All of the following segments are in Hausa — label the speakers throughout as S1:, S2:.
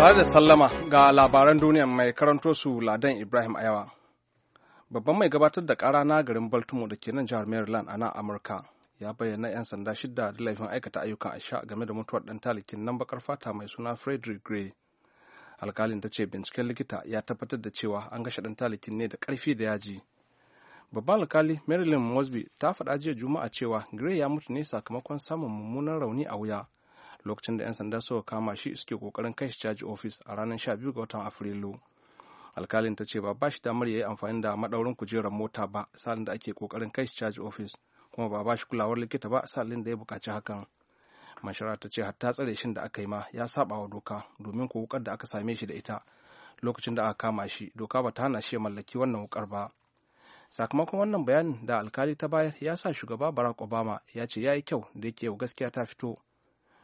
S1: Tare da sallama
S2: ga labaran duniya mai karanto su Ladan Ibrahim Ayawa. Babban mai gabatar da kara na garin Baltimore da ke nan jihar Maryland a nan Amurka ya bayyana 'yan sanda shidda da laifin aikata ayyukan asha game da mutuwar ɗan talikin nan bakar fata mai suna Frederick Gray. Alkalin ta ce binciken likita ya tabbatar da cewa an gashe ɗan talikin ne da ƙarfi da yaji. Babban alkali Marilyn Mosby ta faɗa jiya Juma'a cewa Gray ya mutu ne sakamakon samun mummunan rauni a wuya. lokacin da 'yan sanda suka kama shi suke kokarin kai shi caji ofis a ranar 12 ga watan afrilu alkalin ta ce ba ba shi damar ya yi amfani da madaurin kujerar mota ba salin da ake kokarin kai shi caji ofis kuma ba ba shi kulawar likita ba salin da ya bukaci hakan mashara ta ce hatta tsare shin da aka yi ma ya saba wa doka domin ko wukar da aka same shi da ita lokacin da aka kama shi doka ba ta hana shi ya mallaki wannan wukar ba sakamakon wannan bayanin da alkali ta bayar ya sa shugaba barack obama ya ce ya yi kyau da yake gaskiya ta fito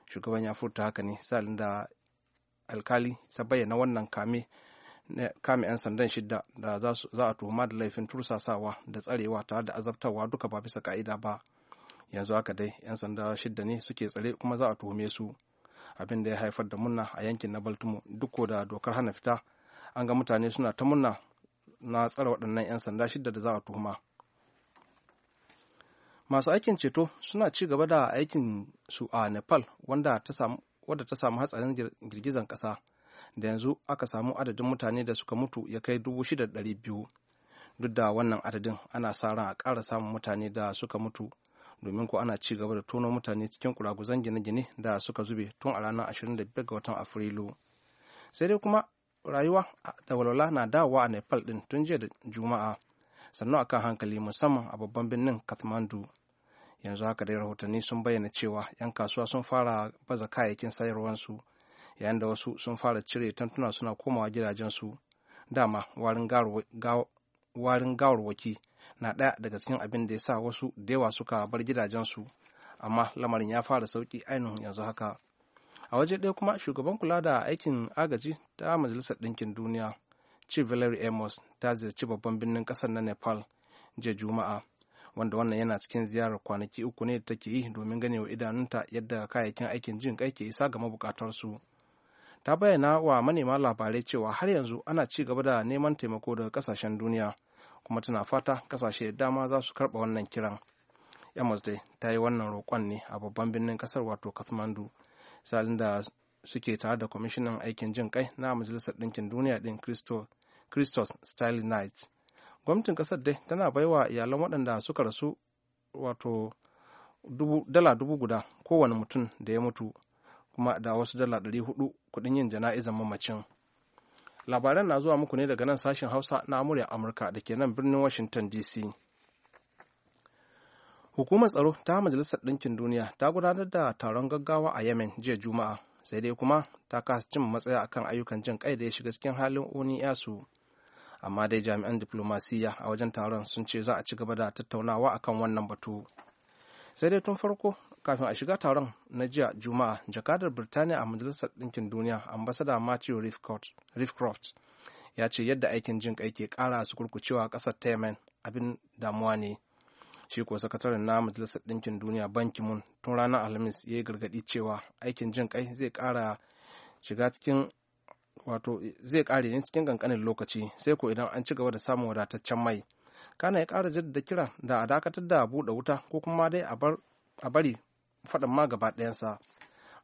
S2: shugaban ya furta haka ne salin da alkali ta bayyana wannan kame kame 'yan sandan shidda da za a tuhuma da laifin tursasawa da tsarewa tare da azabtarwa duka ba bisa ka'ida ba yanzu haka dai 'yan sanda shidda ne suke tsare kuma za a tuhume su abin da ya haifar da munna a yankin na baltimore duk da dokar hana fita an ga mutane suna ta munna na tsare waɗannan 'yan sanda shidda da za a tuhuma masu aikin ceto suna ci gaba da aikin su a nepal wanda ta samu hatsarin girgizan kasa da yanzu aka samu adadin mutane da suka mutu ya kai 6,200 duk da wannan adadin ana sa ran a kara samun mutane da suka mutu domin ko ana ci gaba da tono mutane cikin kuraguzan gine-gine da suka zube tun a ranar 25 ga watan afrilu sai dai kuma rayuwa da walwala na dawowa a nepal din tun jiya da juma'a sannu akan hankali musamman a babban birnin kathmandu yanzu haka dai rahotanni sun bayyana cewa 'yan kasuwa sun fara baza kayayyakin sayarwarsu yayin da wasu sun fara cire tantuna suna komawa gidajensu dama warin gawarwaki na ɗaya daga cikin abin da ya sa wasu da yawa suka bar gidajensu amma lamarin ya fara sauki ainihin yanzu haka a waje ɗaya kuma shugaban kula da aikin agaji ta majalisar ɗinkin duniya chief Valery amos ta ziyarci babban birnin kasar na nepal jiya juma'a wanda wannan yana cikin ziyarar kwanaki uku ne da take yi domin ganewa idanunta yadda kayayyakin aikin jin kai ke isa ga mabukatarsu ta bayyana wa manema labarai cewa har yanzu ana ci gaba da neman taimako daga kasashen duniya kuma tana fata kasashe da dama za su karɓa wannan kiran Amos dai ta yi wannan roƙon ne a babban birnin kasar wato kathmandu salin da suke tare da kwamishinan aikin jin kai na majalisar ɗinkin duniya ɗin kristo christos stylianides gwamnatin kasar dai tana baiwa iyalan waɗanda suka rasu wato dala dubu guda kowane mutum da ya mutu kuma da wasu dala ɗari hudu kuɗin yin jana'izan mamacin labaran na zuwa muku ne daga nan sashen hausa na amurya amurka da ke nan birnin washington dc hukumar tsaro ta majalisar ɗinkin duniya ta gudanar da taron gaggawa a yemen jiya juma'a sai dai kuma ta kasa cin matsaya akan ayyukan jin kai da ya shiga cikin halin oni yasu amma dai jami'an diplomasiya a wajen taron sun ce za a ci gaba da tattaunawa a kan wannan batu sai dai tun farko kafin a shiga taron na jiya juma'a jakadar birtaniya a majalisar ɗinkin duniya ambasada matthew rifcroft ya ce yadda aikin jin kai ke kara su kurkucewa a ƙasar ta yemen abin damuwa ne shi ko sakataren na majalisar ɗinkin duniya banki mun tun ranar alhamis ya yi gargaɗi cewa aikin jin kai zai kara shiga cikin wato eh, zai kare ne cikin kankanin lokaci sai ko idan an ci gaba da samun wadataccen mai kana ya kara jaddada kira da a dakatar da buɗe wuta ko kuma dai a bari faɗin ma gaba ɗayansa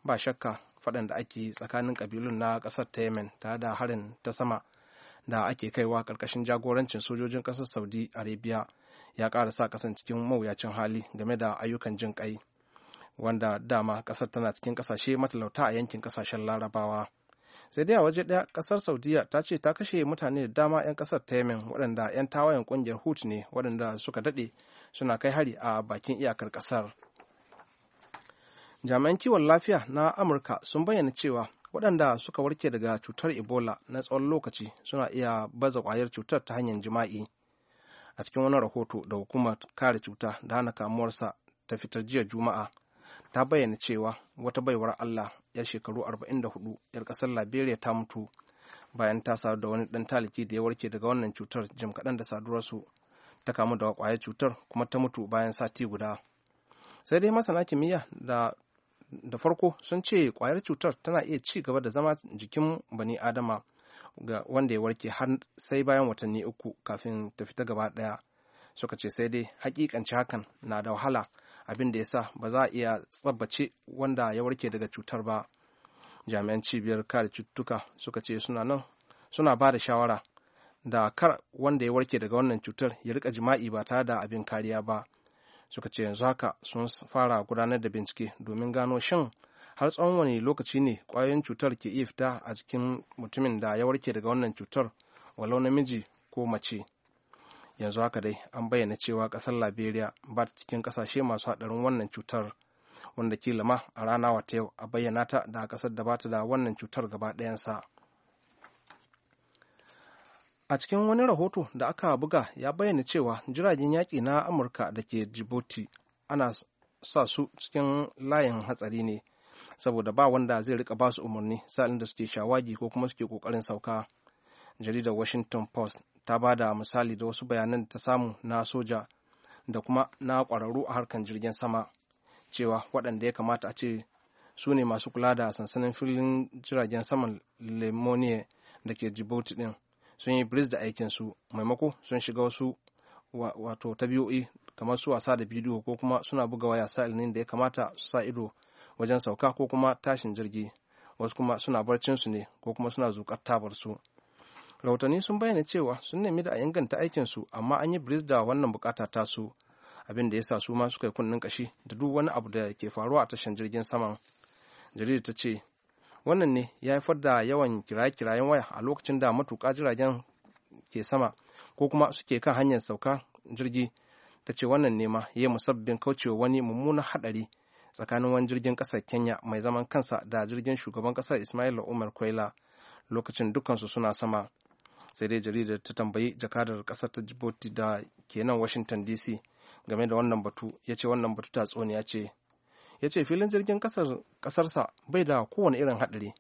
S2: ba shakka faɗin da ake tsakanin ƙabilun na ƙasar ta yemen tare da harin ta sama da ake kaiwa ƙarƙashin jagorancin sojojin ƙasar saudi arabia ya ƙara sa ƙasan cikin mawuyacin hali game da ayyukan jin ƙai wanda dama ƙasar tana cikin ƙasashe matalauta a yankin ƙasashen larabawa sai dai a waje ɗaya ƙasar saudiya ta ce ta kashe mutane da dama 'yan ƙasar ta yemen waɗanda 'yan tawayen ƙungiyar hut ne waɗanda suka daɗe suna kai hari a bakin iyakar ƙasar jami'an kiwon lafiya na amurka sun bayyana cewa waɗanda suka warke daga cutar ebola na tsawon lokaci suna iya baza kwayar cutar ta hanyar jima'i a cikin wani rahoto da hukumar kare cuta da hana kamuwarsa ta fitar jiya juma'a ta bayyana cewa wata baiwar Allah yar shekaru 44 yar kasar Liberia ta mutu bayan ta sadu da wani dan taliki da ya warke daga wannan cutar jim kaɗan da saduwarsu ta kamu da kwayar cutar kuma ta mutu bayan sati guda sai dai masana kimiyya da farko sun ce kwayar cutar tana iya ci gaba da zama jikin bani adama ga wanda ya warke har sai bayan watanni uku kafin ta fita gaba ɗaya suka ce sai dai hakikanci hakan na da wahala abin da ya sa ba za a iya tsabbace wanda ya warke daga cutar ba jami'an cibiyar kare cututtuka suka ce suna nan suna ba da shawara da kar wanda ya warke daga wannan cutar ya rika jima'i ba tare da abin kariya ba suka ce yanzu haka sun fara gudanar da bincike domin gano shin har tsawon wani lokaci ne kwayoyin cutar ke iya fita a jikin mutumin da ya warke daga wannan cutar walau namiji ko mace yanzu haka dai an bayyana cewa ƙasar liberia ba ta cikin kasashe masu haɗarin wannan cutar wanda ke ma a rana wata yau a bayyana ta da kasar da ba ta da wannan cutar gaba ɗayansa a cikin wani rahoto da aka buga ya bayyana cewa jiragen yaki na amurka da ke djibouti ana sa su cikin layin hatsari ne saboda ba wanda zai rika ba su umarni sa'in da suke shawagi ko kuma suke kokarin sauka jaridar washington post ta ba da misali da wasu bayanan da ta samu na soja da kuma na ƙwararru a harkar jirgin sama cewa waɗanda ya kamata a ce su ne masu kula da sansanin filin jiragen saman lemonier da ke djibouti ɗin sun yi bris da aikinsu maimako sun shiga wasu wato ta biyo'i kamar su wasa da bidiyo ko kuma suna buga waya sa'ilin da ya kamata su sa ido wajen sauka ko kuma tashin jirgi wasu kuma suna barcinsu ne ko kuma suna zukar su rahotanni sun bayyana cewa sun nemi da a inganta aikinsu amma an yi bris da wannan bukata tasu abin da ya sa su ma suka yi kunnen kashi da duk wani abu da ke faruwa a tashan jirgin saman jarida ta ce wannan ne ya haifar da yawan kiraye-kirayen waya a lokacin da matuƙa jiragen ke sama ko kuma suke kan hanyar sauka jirgi ta ce wannan ne ma ya yi musabbin kaucewa wani mummunan haɗari tsakanin wani jirgin ƙasar kenya mai zaman kansa da jirgin shugaban ƙasar ismail umar kwaila lokacin dukansu suna sama sai dai jaridar ta tambayi jakadar kasar ta djibouti da kenan nan washington dc game da wannan batu ya ce wannan batu tatsuniya ce ya ce filin jirgin kasarsa bai da kowane irin haɗari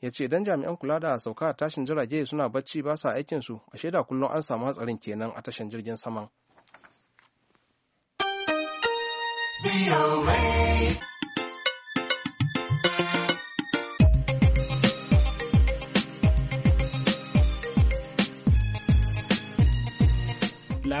S2: ya ce idan jami'an kula da sauka tashin jirage suna bacci ba sa aikinsu a shaida kullum an samu hatsarin kenan a tashin jirgin saman.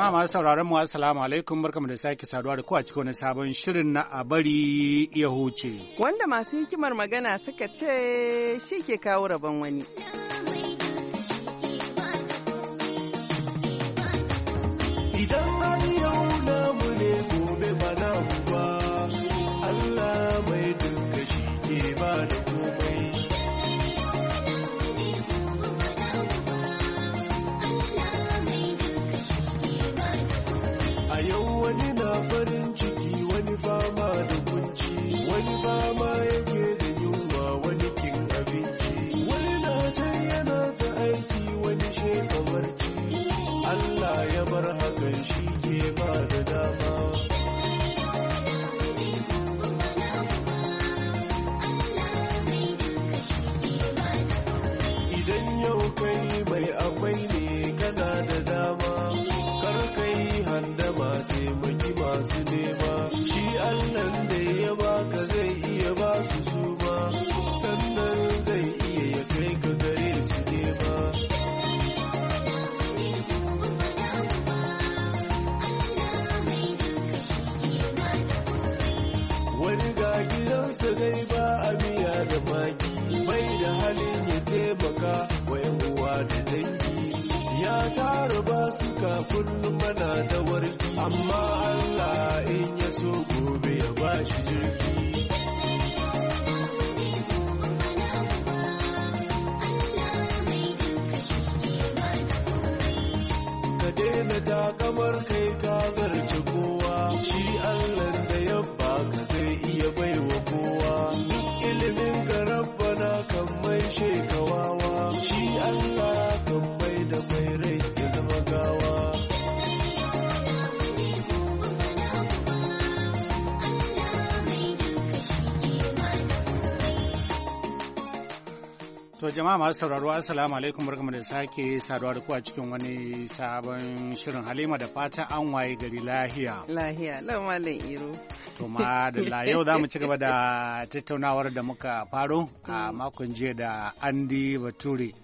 S3: Jama'a masu sauraron mu assalamu alaikum barkamu da sake saduwa da ku a cikin wani sabon shirin na a bari ya huce.
S4: Wanda masu hikimar magana suka ce shi ke kawo rabon wani.
S5: da kamar
S3: To jama'a masu sauraro assalamu alaikum barkamu da sake saduwa da ku a cikin wani sabon shirin Halima da fata an waye gari lahiya.
S4: Lahiya, lau da Iro.
S3: To yau za mu ci gaba da tattaunawar da muka faro a mm. makon jiya da Andy Bature.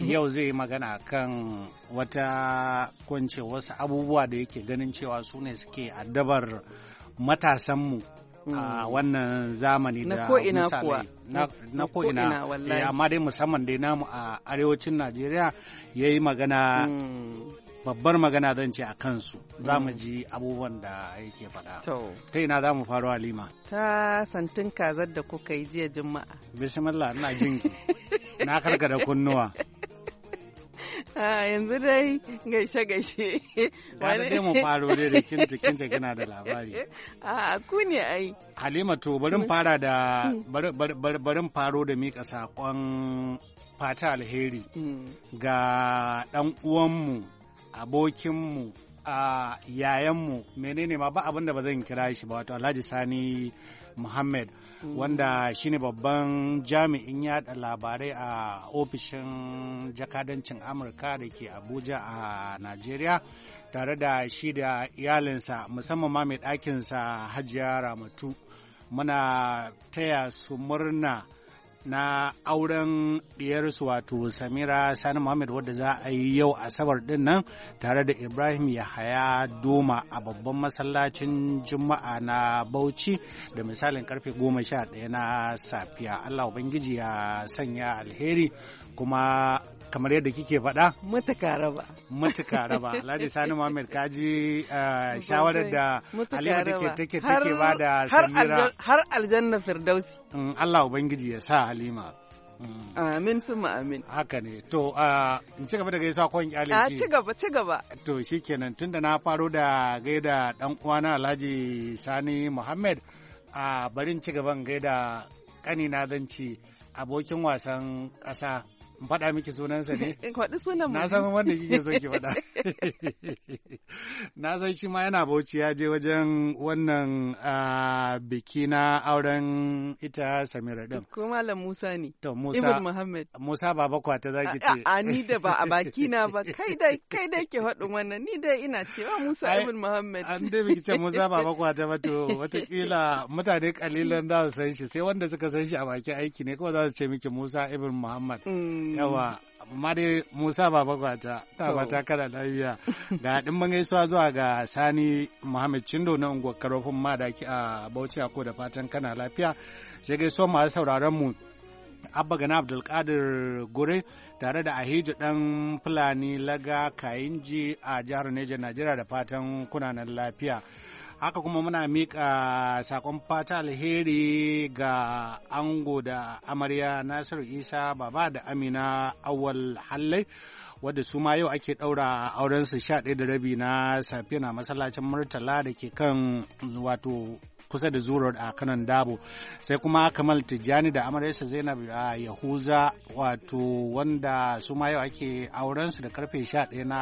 S3: Yau zai yi magana kan wata kwance wasu abubuwa da yake ganin cewa su ne suke addabar matasanmu a mm. wannan zamani da misali na ko'ina eh, amma dai musamman dai namu a arewacin najeriya ya yi magana mm. babbar magana zan ce a kansu za mu mm. ji abubuwan da yake faɗa. ta ina za mu faru halima
S4: ta santin kazar da kuka yi jiya juma'a bismillah ina jinki na karkada kunnuwa a ah, yanzu dai gaishe gaishe wani dai mu faro dai da kin jikin kina da labari a ah, ku ne ai
S3: halima to barin fara da hmm. barin faro da mika sakon fata alheri hmm. ga dan uwanmu abokinmu a yayanmu menene ma ba abin da ba zan kira shi ba wato Alhaji Sani Muhammad wanda shine babban jami'in yada labarai a ofishin jakadancin amurka da ke abuja a nigeria tare da shi da iyalinsa musamman ma mai ɗakinsa hajiya ramatu muna taya su murna na auren su wato Samira Sani Muhammad wadda za a yi yau Asabar ɗin nan tare da Ibrahim Yahaya Doma a babban masallacin Juma'a na Bauchi da misalin karfe goma sha ɗaya na safiya. Allah Ubangiji ya sanya alheri kuma kamar yadda kike faɗa? Mutuka raba. Mutuka raba. Alhaji Sani Muhammad kaji uh, shawarar da Halima take take take ba da Samira. Har aljanna Firdausi. Mm, Allah Ubangiji ya sa Halima. Mm. Amin sun amin. Haka ne. To, uh, in ci gaba da gaisa kwan kyale A ci
S4: gaba, ci gaba.
S3: To, shi kenan da na faro da gaida ɗan uwana Alhaji Sani Muhammad a barin ci gaban gaida kanina zan abokin wasan ƙasa in faɗa miki sunansa
S4: ne faɗi sunan na san wanda kike so ki faɗa
S3: na san shi ma yana bauchi ya je wajen wannan biki na auren ita Samira din ko malam Musa ne to Musa Muhammad Musa baba kwata zaki ce a ni da ba a baki na ba kai
S4: dai kai dai ke faɗin wannan ni dai ina cewa Musa Ibn Muhammad an dai miki ce Musa baba kwata
S3: ba to watakila mutane kalilan za su san shi sai wanda suka san shi a baki aiki ne kawai za su ce miki Musa Ibn Muhammad mm, yawa amma musa baba gwata ba ta kada lafiya ga dimbin gaisuwa zuwa ga sani muhammad cindo na unguwar karofin madaki a bauchi a ko da fatan kana lafiya sai gaisuwa masu sauraron mu abba gana abdulkadir gure tare da ahiju dan fulani laga kayinji a jihar neja najeriya da fatan kunanan lafiya haka kuma muna mika sakon fata alheri ga ango da amarya nasiru isa baba da amina awal hallai wadda su ma yau ake daura su sha da rabi na safiya na masallacin murtala da ke kan wato kusa da zurar a kanan dabo sai kuma kamal tijjani da amaryarsa zainab a yahuza wato wanda su ma yau ake su da karfe sha ɗaya na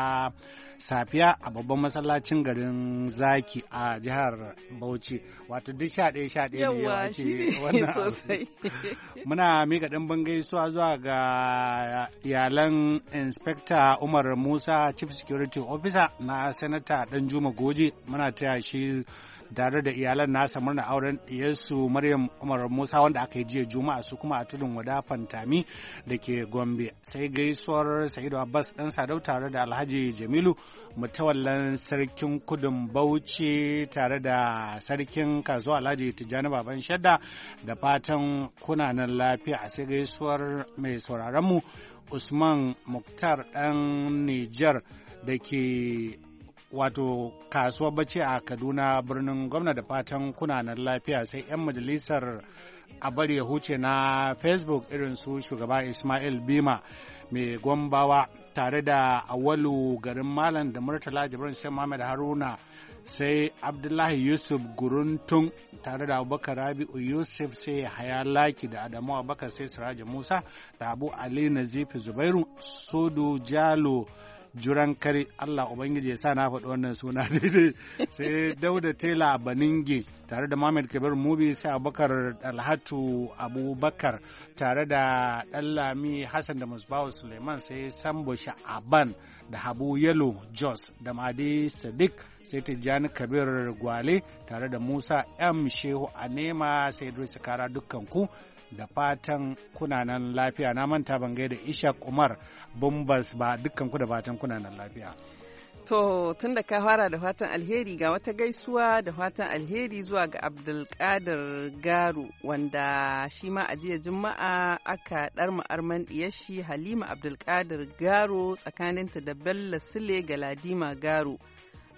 S3: safiya a babban masallacin garin zaki a jihar bauchi wato duk sha ɗaya ne
S4: wannan sosai
S3: muna mika ɗimbin gaisuwa zuwa ga iyalan inspector umar musa chief security officer na senator Juma goje muna taya shi tare da iyalan nasa murna auren ɗiyarsu Maryam Umar Musa wanda aka yi jiya Juma'a su kuma a tudun wada Fantami da ke Gombe. Sai gaisuwar Sa'idu Abbas ɗan Sadau tare da Alhaji Jamilu mutawallan sarkin kudin Bauchi tare da sarkin kasuwa Alhaji Tijjani Baban Shadda da fatan kunanan lafiya sai gaisuwar mai sauraronmu Usman Muktar ɗan Nijar da ke wato kasuwar bacci a kaduna birnin gwamna da fatan kunanan lafiya sai 'yan majalisar a bari ya huce na facebook irin su shugaba ismail bima mai gwambawa. tare da awalu garin malam da murtala jibrin sai Muhammad haruna sai abdullahi yusuf guruntun tare da abubakar rabi'u yusuf sai haya laki da adamu abubakar sai siraji musa da abu ali nazifi zubairu Sodu, jalo juran kare Allah Ubangiji ya sa na faɗi wannan suna daidai sai Dauda Tela Baningi tare da Mohamed Kabir Mubi sai Abubakar Alhatu Abubakar tare da Dallami Hassan da Musbahu Suleiman sai Sambo Sha'aban da Habu Yalo Jos da Madi Sadiq sai Tijjani Kabir Gwale tare da Musa M Shehu Anema sai Idris Kara dukkan ku da fatan kunanan lafiya na manta ban gaida ishak umar bumbas ba dukkan ku da fatan kunanan lafiya
S4: To tun da ka fara da fatan alheri ga wata gaisuwa da fatan alheri zuwa ga Abdulkadir Garu wanda shi ma a jiya Juma'a aka dar ma'arman shi Halima Abdulkadir Garo tsakaninta da Bello Sule Galadima garu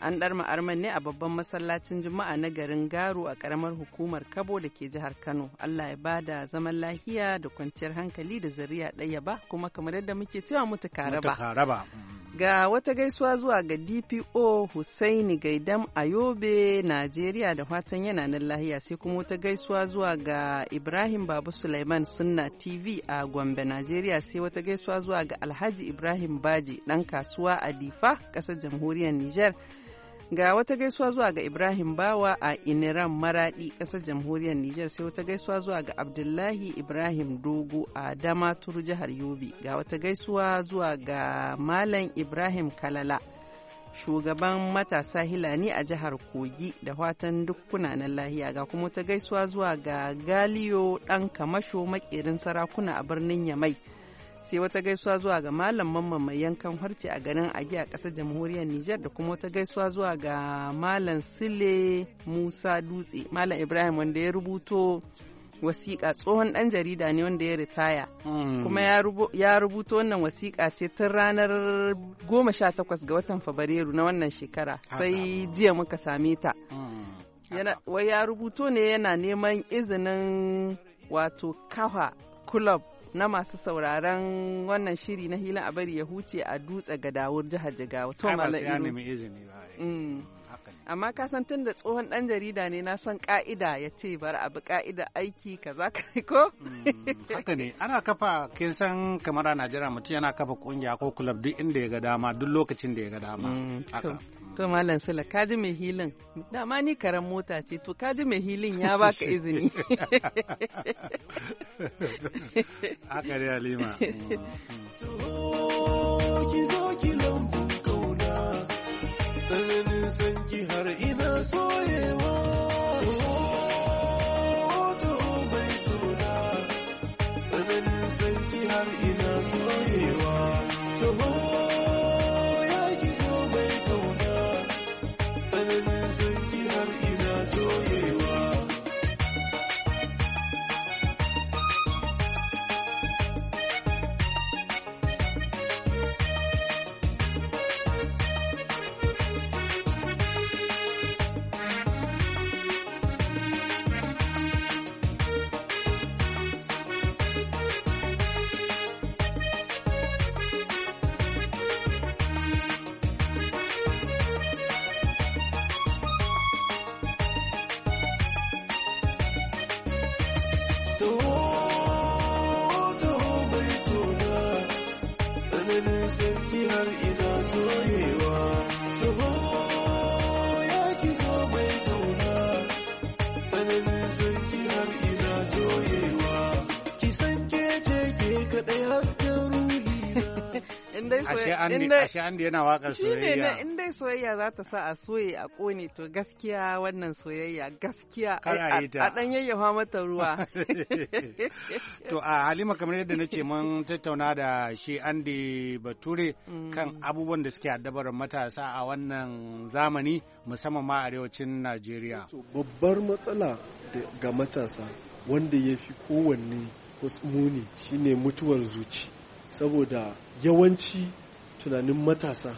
S4: an ɗar ma'arman ne a babban masallacin juma'a na garin Garu a karamar hukumar kabo da ke jihar kano allah ya ba da zaman lahiya da kwanciyar hankali da zariya ɗaya ba kuma kamar yadda muke cewa mutu karaba ga wata gaisuwa zuwa ga dpo husaini gaidam ayobe najeriya da fatan yana nan lahiya sai kuma wata gaisuwa zuwa ga ibrahim babu suleiman sunna tv a gombe najeriya sai wata gaisuwa zuwa ga alhaji ibrahim baji ɗan kasuwa a difa ƙasar jamhuriyar Nijar. Ga wata gaisuwa zuwa ga Ibrahim Bawa a Iniran Maradi ƙasar jamhuriyar niger sai wata gaisuwa zuwa ga Abdullahi Ibrahim Dogo a Damaturu jihar Yobe. Ga wata gaisuwa zuwa ga Malam Ibrahim Kalala. shugaban matasa hilani a jihar kogi da watan dukkuna na lahiya ga kuma wata gaisuwa zuwa ga galiyo dan kamasho makerin sarakuna a birnin yamai sai wata gaisuwa zuwa ga Malam Mamman mai yankan harce a garin Agi a ƙasar jamhuriyar Nijar da kuma wata gaisuwa zuwa ga Malam Sile Musa Dutse, Malam Ibrahim wanda ya rubuto wasiƙa tsohon ɗan jarida ne wanda ya ritaya mm. kuma ya rubuta wannan wasiƙa ce tun ranar goma sha 18 ga watan fabrairu na wannan shekara sai jiya muka same ta mm. wai ya rubuto ne yana neman izinin wato kafa club na masu sauraron wannan shiri na hilin a bari ya huce a dutse ga dawur jihar Jigawa. To Malam mm. Mm, Amma ka san tun da tsohon dan jarida ne na san ka'ida ya ce bar abu ka'ida aiki kaza ko? Mm,
S3: haka ne ana kafa kin san kamar a Najeriya mutum yana kafa kungiya ko kulab duk inda ya ga dama duk lokacin da ya ga dama.
S4: To Malam Sula, kaji mai hilin, dama ni karen mota ce, to kaji mai hilin ya baka izini. Haka dai Halima. Mm,
S5: mm. you.
S4: ashe Andy
S3: yana wakar soyayya. In
S4: dai soyayya za ta sa a soye a kone to gaskiya wannan soyayya gaskiya a ɗan fa mata ruwa.
S3: To a Halima kamar yadda na ce mun tattauna da shi Andy Bature mm. kan abubuwan da suke addabar matasa a wannan zamani musamman ma arewacin Najeriya.
S6: Babbar matsala ga matasa wanda ya fi kowanne muni shine mutuwar zuci saboda yawanci tunanin matasa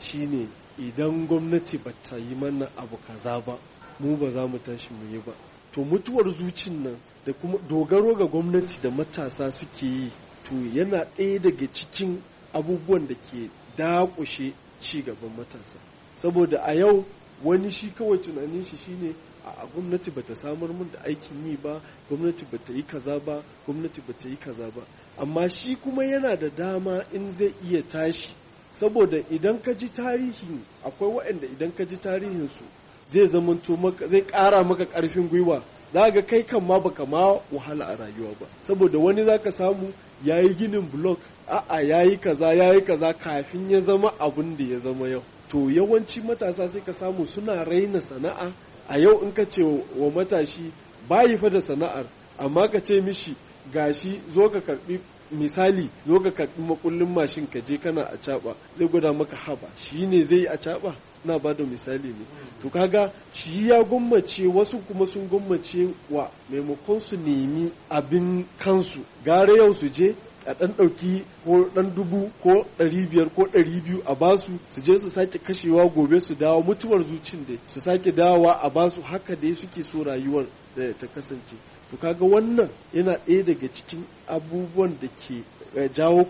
S6: shine idan gwamnati ba ta yi mana abu kaza ba mu ba za mu tashi mu yi ba to mutuwar zucin nan da kuma dogaro ga gwamnati da matasa suke yi to yana ɗaya daga cikin abubuwan da ke dakushe ci gaban matasa saboda a yau wani shi kawai tunanin shi shine a gwamnati bata samar mun da aikin yi ba gwamnati bata yi kaza ba gwamnati bata yi kaza ba amma shi kuma yana da dama in zai iya tashi saboda idan ka ji tarihi akwai waɗanda idan ka ji tarihinsu zai zamanto zai ƙara maka ƙarfin gwiwa za ga kai kan ma baka ma wahala a rayuwa ba saboda wani za ka samu ya yi ginin blok a'a ya yi kaza ya yi kaza kafin ya zama abin da ya zama yau to yawanci matasa sai ka samu suna raina sana'a a yau in ka ce wa matashi bayi fa da sana'ar amma ka ce mishi gashi zo ka karbi misali zo ka karbi makullin mashin ka je kana a caba zai gwada maka haba shi ne zai a caba na ba da misali ne to kaga shi ya gwammace wasu kuma sun gwammace wa maimakon su nemi abin kansu gara yau su je a ɗan ɗauki ko ɗan dubu ko ɗari biyar ko ɗari biyu a basu su je su sake kashewa gobe su dawo mutuwar zucin dai su sake dawowa a basu haka dai suke so rayuwar da eh, ta kasance to kaga wannan yana ɗaya daga cikin abubuwan da ke eh, jawo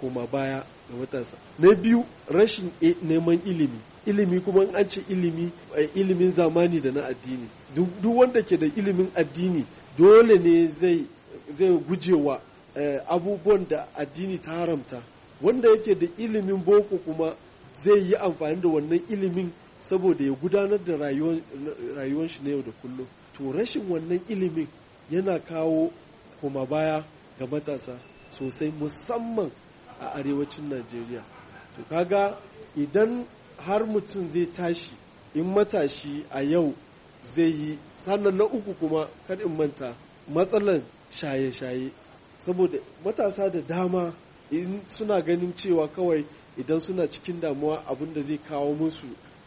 S6: koma baya ga matasa na biyu rashin neman ilimi ilimi kuma an ce ilimi eh, ilimin zamani da na addini duk wanda ke da ilimin addini dole ne zai guje gujewa eh, abubuwan da addini ta haramta wanda yake da ilimin boko kuma zai yi amfani da wannan ilimin saboda ya gudanar da rayuwar shi na yau da kullum to rashin wannan ilimin yana kawo kuma baya ga matasa sosai musamman a arewacin najeriya to kaga idan har mutum zai tashi in matashi a yau zai yi sannan na uku kuma kan in manta matsalan shaye-shaye saboda matasa da dama in suna ganin cewa kawai idan suna cikin damuwa abin da zai kawo musu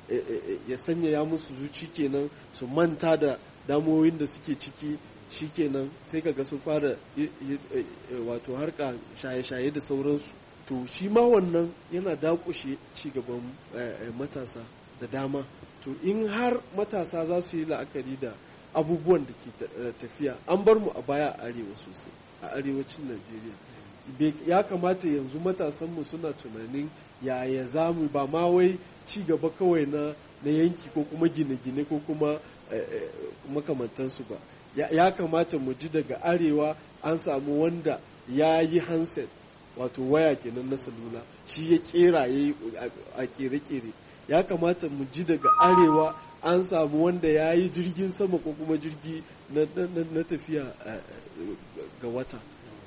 S6: eh, eh, eh, ya sanya ya musu zuci kenan su manta da damuwoyin da suke ciki Shi kenan sai kaga sun fara eh, eh, wato harka shaye-shaye da sauransu to shi ma wannan yana dakushe cigaban eh, matasa da dama to in har matasa za su yi la'akari da abubuwan da ke tafiya an bar mu a baya a arewa sosai a arewacin najeriya ya kamata yanzu matasanmu suna tunanin yaya za mu ba ma wai ci gaba kawai na yanki ko kuma gine-gine ko kuma makamantansu ba ya kamata mu ji daga arewa an samu wanda ya yi handset wato waya kenan na salula shi ya kera ya yi a kere-kere ya kamata mu ji daga arewa an samu wanda ya yi jirgin sama ko kuma jirgi na tafiya eh, ga wata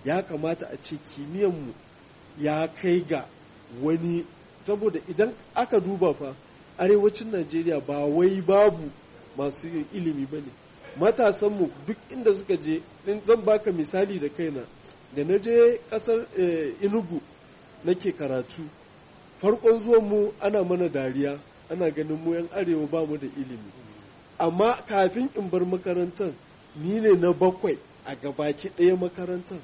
S6: ya kamata a ce mu ya kai ga wani saboda idan aka duba fa arewacin najeriya ba wai babu masu yin ilimi ba ne matasanmu duk inda suka je in zan baka misali da kaina da na je kasar inugu eh, nake karatu farkon mu ana mana dariya ana ganin mu yan arewa ba mu da ilimi amma kafin in bar makarantar ni ne na bakwai a gabaki ɗaya makarantar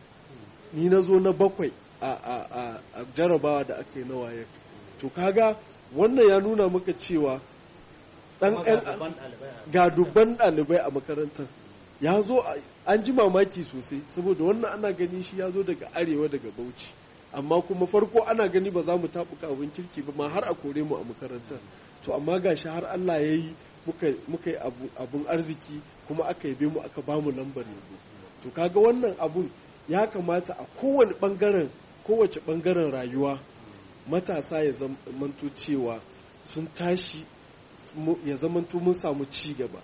S6: ni na zo na bakwai a jarabawa da aka yi na wayar to kaga wannan ya nuna maka cewa ga dubban ɗalibai a makarantar ya zo an ji mamaki sosai saboda wannan ana gani shi ya zo daga arewa daga bauchi amma kuma farko ana gani ba za mu taɓuka abin kirki ba ma har a kore mu a makarantar to amma gashi har allah ya yi muka yi abun arziki kuma aka yabe mu aka ba mu lambar yabo to kaga wannan abun ya kamata a kowane bangaren kowace bangaren rayuwa matasa ya zama cewa sun tashi ya zamantu mun samu ci gaba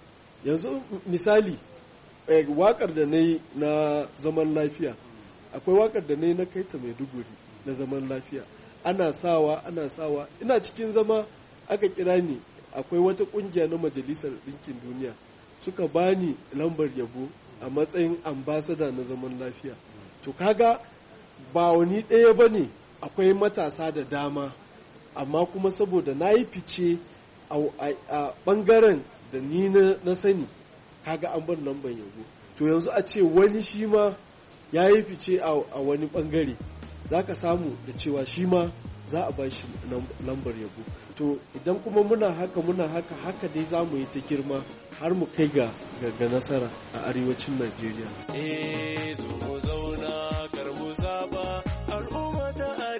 S6: yanzu misali eh, wakar da na na zaman lafiya akwai wakar da na yi na kaita maiduguri na zaman lafiya ana sawa ana sawa ina cikin zama aka kira ni akwai wata kungiya na majalisar ɗinkin duniya suka bani lambar yabo a matsayin ambasada na zaman lafiya to kaga ba wani ɗaya ba ne akwai matasa da dama amma kuma saboda na yi fice a ɓangaren da ni na sani kaga an bar lamban yabo to yanzu a ce wani shi ma ya yi fice a wani ɓangare za ka samu da cewa shi ma za a ba shi lambar yabo to idan kuma muna haka muna haka haka dai za mu yi ta girma har mu kai ga ga nasara a arewacin najeriya eh zo zauna karbu
S5: zaba al'umma ta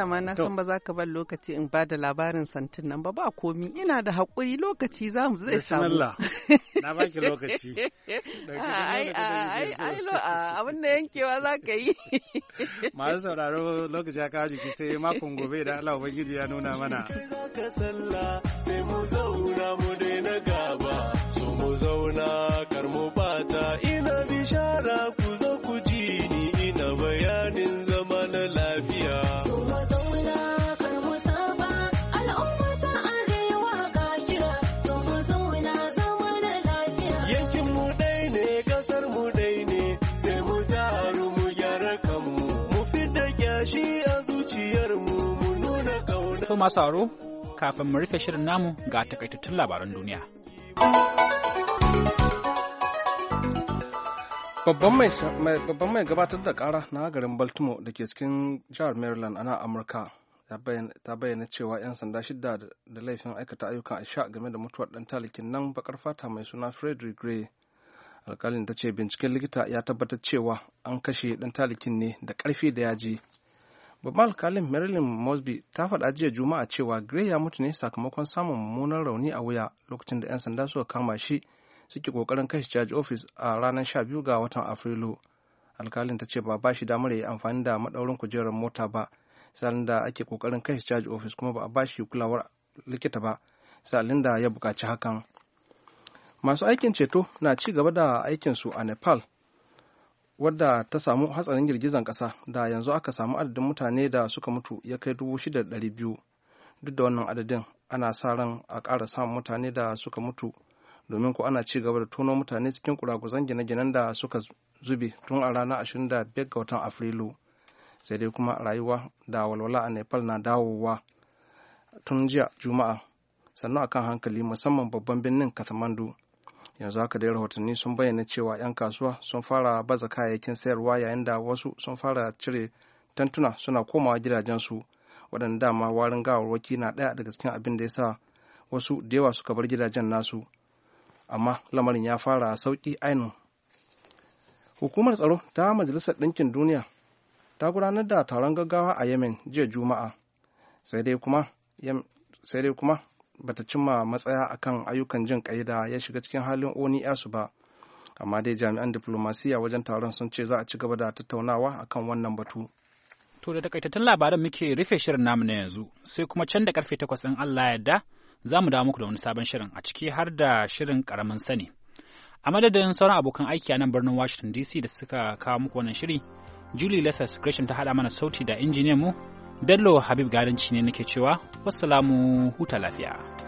S4: dama na san ba za ka bar lokaci in ba da labarin santin nan ba ba komi ina da haƙuri lokaci za mu zai samu. na ki lokaci. Ah, ah, ah, abin da yankewa za ka yi. Masu sauraro
S3: lokaci ya kawo jiki sai makon gobe da Allah Ubangiji ya nuna mana.
S4: sai
S5: mu zauna mu gaba, so mu zauna kar mu bata
S7: tafi masu sauraro kafin mu rufe shirin
S2: namu ga takaitattun labaran duniya. Babban mai gabatar da kara na garin Baltimore da ke cikin jihar Maryland a Amurka ta bayyana cewa 'yan sanda shidda da laifin aikata ayyukan a sha game da mutuwar ɗan talikin nan bakar fata mai suna Frederick Gray. Alkalin ta ce binciken likita ya tabbatar cewa an kashe ɗan talikin ne da ƙarfi da yaji babban alkalin marilyn mosby ta faɗa jiya juma'a cewa gray ya mutu ne sakamakon samun mummunan rauni a wuya lokacin da 'yan sanda suka kama shi suke kokarin kai shi charge office a ranar 12 ga watan afrilu alkalin ta ce ba ba shi damar ya yi amfani da maɗaurin kujerar mota ba salin da ake kokarin kai shi charge office kuma ba a ba shi kulawar likita ba salin da ya buƙaci hakan masu aikin ceto na ci gaba da aikinsu a nepal wadda ta samu hatsarin girgizan kasa da yanzu aka samu adadin mutane da suka mutu ya kai dubu shida da duk da wannan adadin ana sa ran a kara samun mutane da suka mutu domin ko ana ci gaba da tono mutane cikin kuraguzan gine-ginen da suka zube tun a ranar 25 ga watan afrilu sai dai kuma rayuwa da walwala a nepal na dawowa tun jiya juma'a sannan akan hankali musamman babban birnin kathmandu yanzu haka dai rahotanni sun bayyana cewa 'yan kasuwa sun fara baza kayayyakin sayarwa yayin da wasu sun fara cire tantuna suna komawa gidajensu waɗanda dama warin gawarwaki na ɗaya daga cikin abin da ya sa wasu da yawa suka bar gidajen nasu amma lamarin ya fara sauƙi ainihin hukumar tsaro ta majalisar ɗinkin duniya ta gudanar da taron gaggawa a yemen jiya juma'a sai dai kuma bata cimma matsaya akan ayyukan jin kai ya shiga cikin halin oni yasu ba amma dai jami'an diplomasiya wajen taron sun ce za a ci gaba da tattaunawa akan wannan batu to da takaitattun labaran muke rufe shirin namu na yanzu sai kuma can da karfe takwas in Allah yarda
S7: za mu dawo muku da wani sabon shirin a ciki har da shirin karamin sani a madadin sauran abokan aiki a nan birnin Washington DC da suka kawo muku wannan shiri Julie Lessers Gresham ta haɗa mana sauti da injiniyan mu Bello Habib Gadanci ne nake cewa, wassalamu huta lafiya.